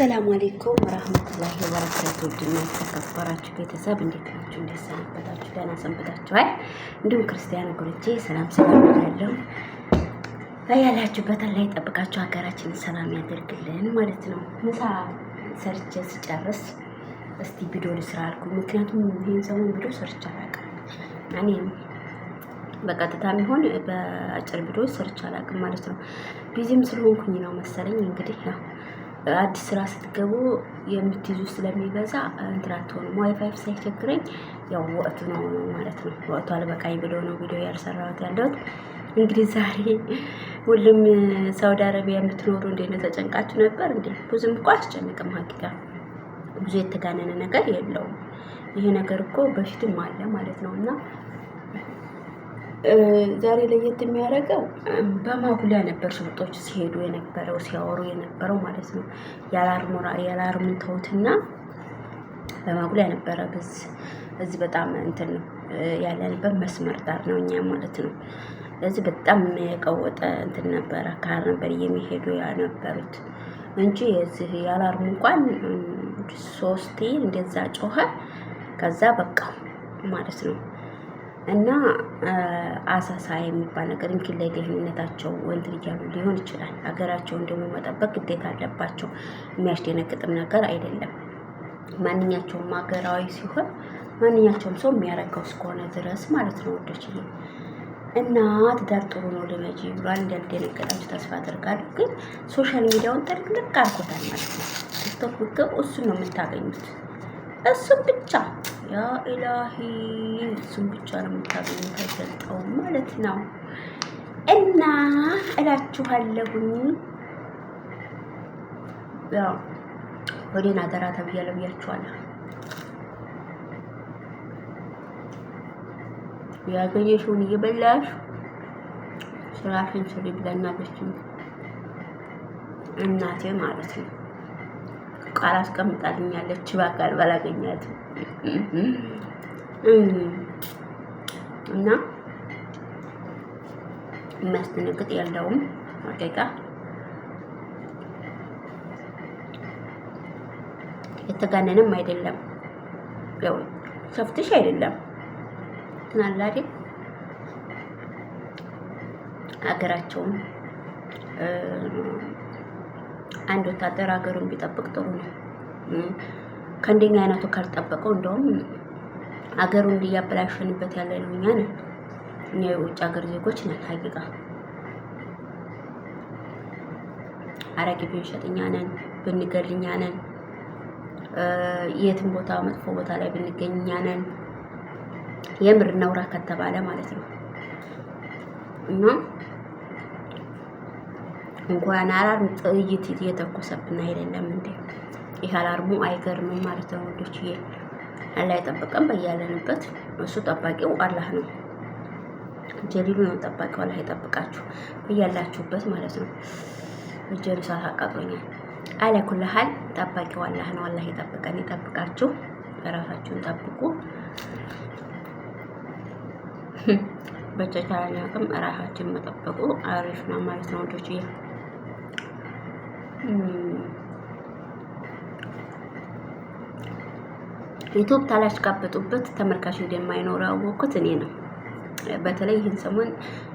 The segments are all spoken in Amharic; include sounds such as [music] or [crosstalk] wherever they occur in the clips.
አሰላሙ አሌይኩም ወረህመቱላሂ ወበረካቱ። ውድና የተከበራችሁ ቤተሰብ እንዴት ናችሁ? እንዴት ሰነበታችሁ? ደህና ሰንብታችኋል? እንዲሁም ክርስቲያን ጉርቼ ሰላም ሰላም ያለው ያላችሁበት ላይ ጠብቃችሁ ሀገራችንን ሰላም ያደርግልን ማለት ነው። ምሳ ሰርቼ ስጨርስ እስቲ ቪዲዮ ልስራ አልኩኝ። ምክንያቱም ይህን ሰሞን ቪዲዮ ሰርቼ አላውቅም። እኔም በቀጥታ የሚሆን በአጭር ቪዲዮ ሰርቼ አላውቅም ማለት ነው። ቢዚም ስለሆንኩኝ ነው መሰለኝ እንግዲህ ያው አዲስ ስራ ስትገቡ የምትይዙ ስለሚበዛ እንትን ዋይፋይ ሳይቸግረኝ ያው ወቅቱ ነው ማለት ነው። ወቅቱ አልበቃኝ ብሎ ነው ቪዲዮ ያልሰራሁት ያለሁት። እንግዲህ ዛሬ ሁሉም ሳውዲ አረቢያ የምትኖሩ እንደነ ተጨንቃችሁ ነበር እንዴ? ብዙም እኮ አስጨንቅም። ሀቂቃ ብዙ የተጋነነ ነገር የለውም። ይሄ ነገር እኮ በፊትም አለ ማለት ነው እና ዛሬ ለየት የሚያደርገው በማጉሊያ ነበር ሽርጦች ሲሄዱ የነበረው ሲያወሩ የነበረው ማለት ነው። ያላርሙን ተውትና በማጉሊያ ነበረ ግዝ እዚህ በጣም እንትን ነው ያለንበት መስመር ዳር ነው እኛ ማለት ነው። ለዚህ በጣም የቀወጠ እንትን ነበረ ካር ነበር የሚሄዱ የነበሩት እንጂ የዚህ ያላርሙ እንኳን ሶስቴ እንደዛ ጮኸ ከዛ በቃ ማለት ነው። እና አሳሳ የሚባል ነገር እንኪ ላይ ደህንነታቸው ወንትን ያሉ ሊሆን ይችላል። ሀገራቸውን ደግሞ መጠበቅ ግዴታ አለባቸው። የሚያስደነግጥም ነገር አይደለም። ማንኛቸውም ሀገራዊ ሲሆን ማንኛቸውም ሰው የሚያረገው እስከሆነ ድረስ ማለት ነው። ወደች እና ትዳር ጥሩ ነው ልመጂ ብሏል። እንዳልደነገጣችሁ ተስፋ አድርጋለሁ። ግን ሶሻል ሚዲያውን ጥልቅልቅ አድርጎታል ማለት ነው። ቲክቶክ ብትገቡ እሱን ነው የምታገኙት፣ እሱን ብቻ ያ ኢላሂ እሱም ብቻ ነው የምታገኙት፣ አይገልጠውም ማለት ነው። እና እላችኋለሁኝ ወዴን ሀገራ ተብያለሁ ብያችኋለሁ። ያገኘሽውን እየበላሽ ስራሽን ስሪ ብለናለችኝ እናቴ ማለት ነው። ቃል አስቀምጣልኛለች። ባካል ባላገኛትም እና የሚያስደነግጥ የለውም። ሀቂቃ የተጋነንም አይደለም። ያው ሰፍትሽ አይደለም ትናላዴ ሀገራቸውም አንድ ወታደር ሀገሩን ቢጠብቅ ጥሩ ነው። ከእንደኛ አይነቱ ካልጠበቀው እንደውም አገሩ እንዲያበላሽንበት ያለ ነው። እኛ ነን፣ እኛ የውጭ ሀገር ዜጎች ነን። ሀቂቃ አረቂ ብንሸጥ እኛ ነን፣ ብንገል እኛ ነን፣ የትም ቦታ መጥፎ ቦታ ላይ ብንገኝ እኛ ነን። የምር እናውራ ከተባለ ማለት ነው እና እንኳን አራር ጥይት እየተኮሰብን አይደለም እንዴ? ይህ አላርሙ አይገርምም ማለት ነው ወዶች ይሄ አላህ ይጠብቀን በያለንበት። እሱ ጠባቂው አላህ ነው። ጀሊሉ ነው ጠባቂው። አላህ ይጠብቃችሁ በያላችሁበት ማለት ነው። እጀሉ ሳት አቃጥሎኛል። አለ ኩል ሀል ጠባቂው አላህ ነው። አላህ ይጠብቀን፣ ይጠብቃችሁ። ራሳችሁን ጠብቁ። በተቻለ አቅም ራሳችን መጠበቁ አሪፍ ነው ማለት ነው ወዶች ይሄ ዩቱብ ታላሽቃበጡበት ተመልካች እንደማይኖረው ያወቅኩት እኔ ነው። በተለይ ይህን ሰሞን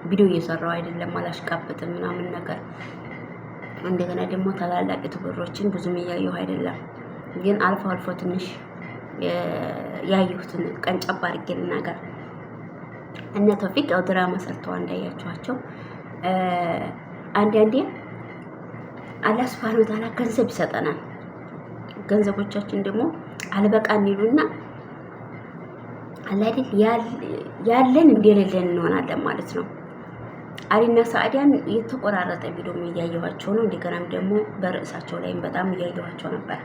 ቪዲዮ እየሰራው አይደለም አላሽቃበጥም ምናምን ነገር። እንደገና ደግሞ ታላላቅ ዩቱበሮችን ብዙም እያየሁ አይደለም፣ ግን አልፎ አልፎ ትንሽ ያየሁትን ቀንጨባ አድርጌ ልናገር። እነ ቶፊቅ ያው ድራማ ሰርተዋል እንዳያችኋቸው። አንዳንዴ አላህ ሱብሃነሁ ወተዓላ ገንዘብ ይሰጠናል፣ ገንዘቦቻችን ደግሞ አልበቃን ይሉና አላይደል ያለን እንደሌለን እንሆናለን ማለት ነው። አሊና ሰዓዲያን የተቆራረጠ ቪዲዮም እያየኋቸው ነው። እንደገናም ደግሞ በርዕሳቸው ላይም በጣም እያየኋቸው ነበር።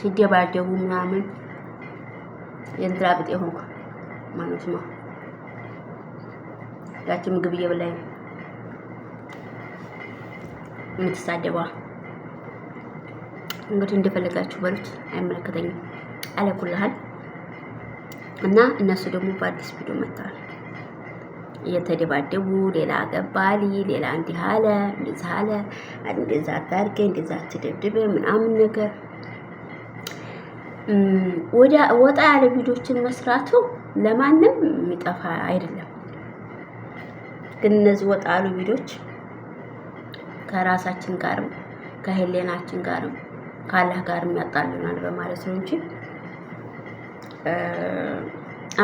ሲደባደቡ ምናምን የእንትና ብጤ ሆንኩ ማለት ነው። ያቺ ምግብ እየበላኝ የምትሳደቧ። እንግዲህ እንደፈለጋችሁ በሉት፣ አይመለከተኝም። አለኩልሃል እና እነሱ ደግሞ በአዲስ ቪዲዮ መጥተዋል እየተደባደቡ ሌላ አገባሊ ሌላ እንዲህ አለ እንደዛ አለ እንደዛ አታርገ እንደዛ አትደብድበ ምናምን ነገር ወደ ወጣ ያለ ቪዲዮችን መስራቱ ለማንም የሚጠፋ አይደለም። ግን እነዚህ ወጣ ያሉ ቪዲዮች ከራሳችን ጋርም ከህሌናችን ጋርም ካላህ ጋርም ያጣልናል በማለት ነው እንጂ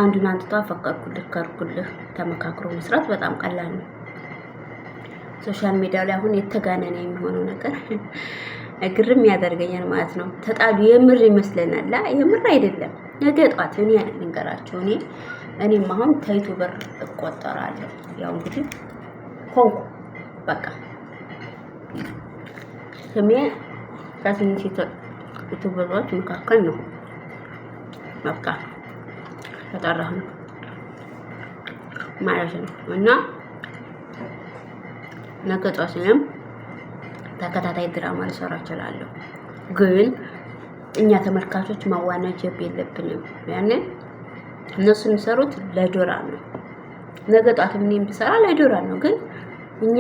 አንዱን አንጥቶ አፈቀርኩልህ ከርኩልህ ተመካክሮ መስራት በጣም ቀላል ነው። ሶሻል ሚዲያ ላይ አሁን የተጋነነ የሚሆነው ነገር [laughs] ግርም ያደርገኛል ማለት ነው። ተጣሉ የምር ይመስለናል። ላ የምር አይደለም። ነገ ጧት እኔ ልንገራቸው እኔ እኔም አሁን ተይቱ በር እቆጠራለሁ። ያው እንግዲህ ኮንኩ በቃ ስሜ ከትንሽ የተወረወሮች መካከል ነው። በቃ ተጠራሁ ማለት ነው። እና ነገ ጠዋት ተከታታይ ድራማ ልሰራ እችላለሁ። ግን እኛ ተመልካቾች ማዋናጀብ የለብንም። ያንን እነሱ የሚሰሩት ለዶራ ነው። ነገ ጠዋት እኔም ብሰራ ለዶላር ነው። ግን እኛ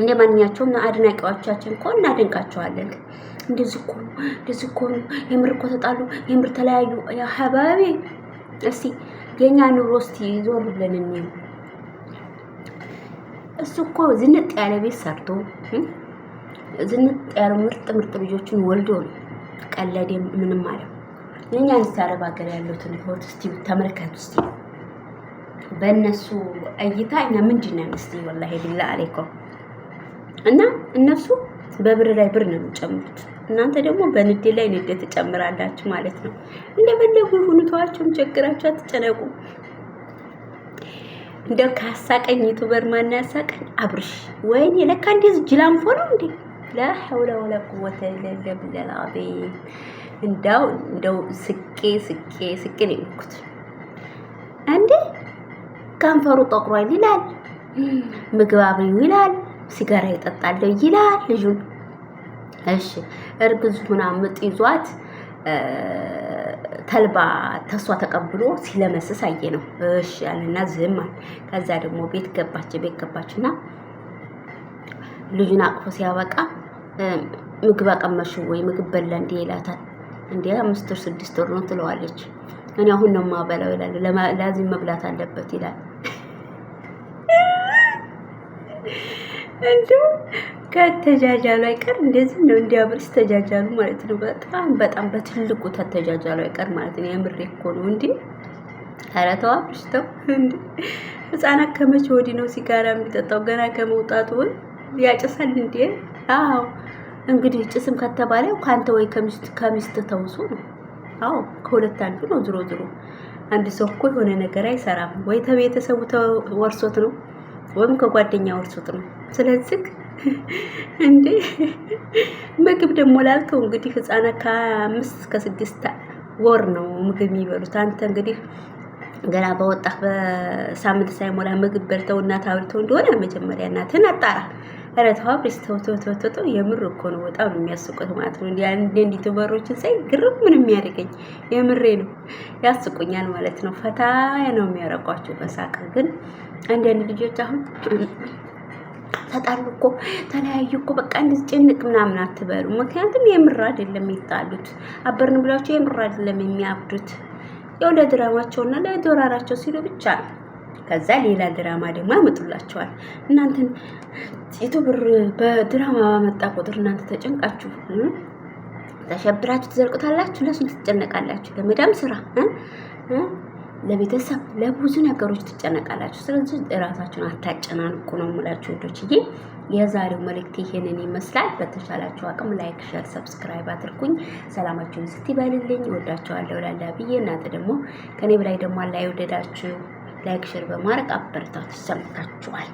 እንደ ማንኛቸውም አድናቂዎቻችን እኮ እናደንቃቸዋለን። እንደዚህ እኮ ነው፣ እንደዚህ እኮ ነው፣ የምር እኮ ተጣሉ፣ የምር ተለያዩ። ሀባቢ እስቲ የእኛ ኑሮ እስቲ ዞር ብለን እንየው። እሱ እኮ ዝንጥ ያለ ቤት ሰርቶ ዝንጥ ያለ ምርጥ ምርጥ ልጆችን ወልዶ ነው ቀለዴም ምንም አለ። የእኛ ንስ አረብ ሀገር ያሉትን ህይወት እስቲ ተመልከቱ እስቲ በእነሱ እይታ እኛ ምንድን ነን? እስቲ ወላሂ ቢላ አለይኩም እና እነሱ በብር ላይ ብር ነው የሚጨምሩት። እናንተ ደግሞ በንዴ ላይ ንዴት ትጨምራላችሁ ማለት ነው። እንደፈለጉ ይሁኑ፣ ተዋቸውም፣ ችግራቸው አትጨነቁ። እንደው ካሳቀኝ ዩቱበር ማን ያሳቀኝ? አብርሽ ወይኔ፣ ለካ እንደዚህ ጅላንፎ ነው እንዴ! ላ ሐውለ ቁወተ ኢላ ቢላሂል አዚም። እንዳው እንደው ስቄ ስቄ ስቄ ነው የምኩት እንዴ! ከንፈሩ ጠቁሯል ይላል፣ ምግባብ ይላል ሲጋራ ይጠጣለሁ ይላል ልጁን። እሺ እርግዙ ምናምጥ ይዟት ተልባ ተሷ ተቀብሎ ሲለመስስ አየ ነው። እሺ አለና ዝም አለ። ከዛ ደግሞ ቤት ገባች። ቤት ገባችና ልጁን አቅፎ ሲያበቃ ምግብ አቀመሹ ወይ ምግብ በላ እንዴ ይላታል። እንዴ አምስት ወር ስድስት ወር ነው ትለዋለች። እኔ አሁን ነው ማበላው ይላል። ለዚህ መብላት አለበት ይላል። እንደው ከተጃጃሉ አይቀር እንደዚህ ነው ማለት ነው። በጣም በጣም በትልቁ ተተጃጃሉ አይቀር ማለት ነው። የምሬ እኮ ነው እንዴ! ኧረ ተው እንዴ! ህፃናት ከመቼ ወዲህ ነው ሲጋራ የሚጠጣው? ገና ከመውጣቱ ያጨሳል እንዴ? አዎ እንግዲህ ጭስም ከተባለ ከአንተ ወይ ከሚስት ከሚስት ነው። አዎ ከሁለት አንዱ ነው። ዝሮ ዝሮ አንድ ሰው እኮ የሆነ ነገር አይሰራም ወይ ከቤተሰቡ ተወርሶት ነው ወይም ከጓደኛ ወርሱት ነው። ስለዚህ እንዴ ምግብ ደግሞ ላልከው እንግዲህ ህፃናት ከአምስት ከስድስት ወር ነው ምግብ የሚበሉት። አንተ እንግዲህ ገና በወጣህ በሳምንት ሳይሞላ ምግብ በልተው እናት አብልተው እንደሆነ መጀመሪያ እናትህን አጣራ። ኧረ ተው ተው ተው ተው ተው የምር እኮ ነው በጣም የሚያስቁት ማለት ነው። እንደ እንዲ ቱበሮችን ሳይ ግርም ምን የሚያደርገኝ የምሬ ነው ያስቁኛል ማለት ነው። ፈታ ነው የሚያረቋቸው በሳቅ ግን አንዳንድ ልጆች አሁን ተጣሉ እኮ ተለያዩ እኮ በቃ እንደዚህ ምናምን አትበሉ። ምክንያቱም የምር አይደለም ይጣሉት አበርን ብላቸው የምር አይደለም የሚያብዱት ያው ለድራማቸውና ለዶራራቸው ሲሉ ብቻ ነው። ከዛ ሌላ ድራማ ደግሞ ያመጡላቸዋል። እናንተን ዩቱብር በድራማ በመጣ ቁጥር እናንተ ተጨንቃችሁ ተሸብራችሁ ትዘልቁታላችሁ። ለሱን ትጨነቃላችሁ፣ ለመዳም ስራ፣ ለቤተሰብ፣ ለብዙ ነገሮች ትጨነቃላችሁ። ስለዚህ እራሳችሁን አታጨናንቁ ነው የምላችሁ ወዶችዬ። የዛሬው መልእክት ይሄንን ይመስላል። በተሻላችሁ አቅም ላይክ፣ ሸር፣ ሰብስክራይብ አድርጉኝ። ሰላማችሁን ስትይበልልኝ ወዳችኋለሁ ላላ ብዬ እናንተ ደግሞ ከኔ በላይ ደግሞ አላይ ወደዳችሁ ላይክ ሼር በማድረግ አበረታቱ። ይሰማታችኋል።